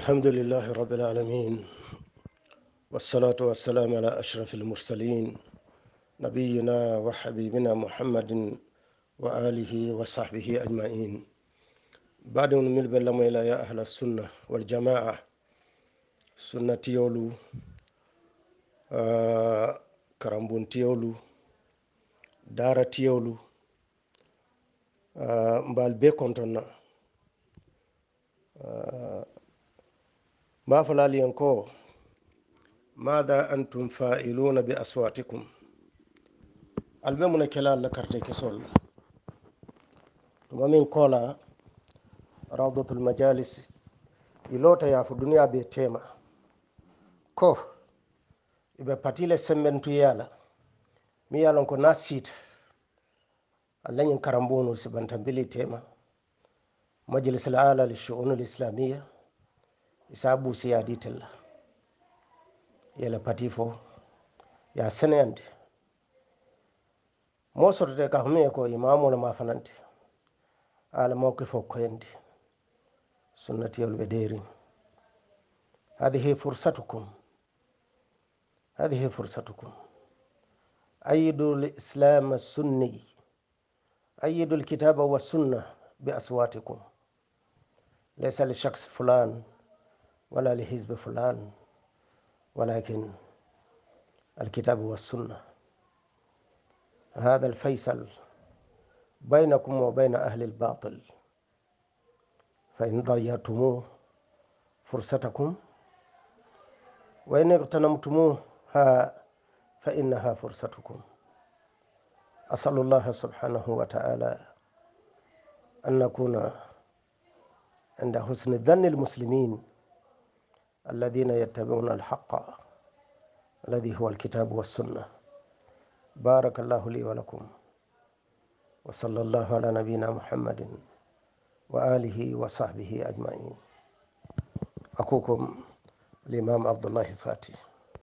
الحمد لله رب العالمين والصلاة والسلام على أشرف المرسلين نبينا وحبيبنا محمد وآله وصحبه أجمعين بعد أن نمل بلما إلى يا أهل السنة والجماعة سنة تيولو آه كرمبون تيولو دارة تيولو آه مبال بيكونتنا آه ma falaliyen ko mada antum fa'iluna bi aswatikum albe muna kela la karte kesol tuma min kola rawdatul majalis ilota yafu duniya be tema ko ibe patile sembentu yala mi yalon ko na sit alañin karambonul bili tema majlis al ala lishu'un al islamiyya isa ɓuusi ya ditel yele pati fo ya seneyande mo sotode ka homie ko imamuno mafanante ala mawki fo koyande sunnati yolɓe derin hadihi fursatukum hadihi fursatukum ayidu lislam sunni ayidu lkitaba wa sunna bi aswatikum laysa li shaxe fulane ولا لحزب فلان ولكن الكتاب والسنة هذا الفيصل بينكم وبين أهل الباطل فإن ضيعتموه فرصتكم وإن اغتنمتموها فإنها فرصتكم أسأل الله سبحانه وتعالى أن نكون عند حسن ظن المسلمين الذين يتبعون الحق الذي هو الكتاب والسنة بارك الله لي ولكم وصلى الله على نبينا محمد وآله وصحبه أجمعين أخوكم الإمام عبد الله فاتح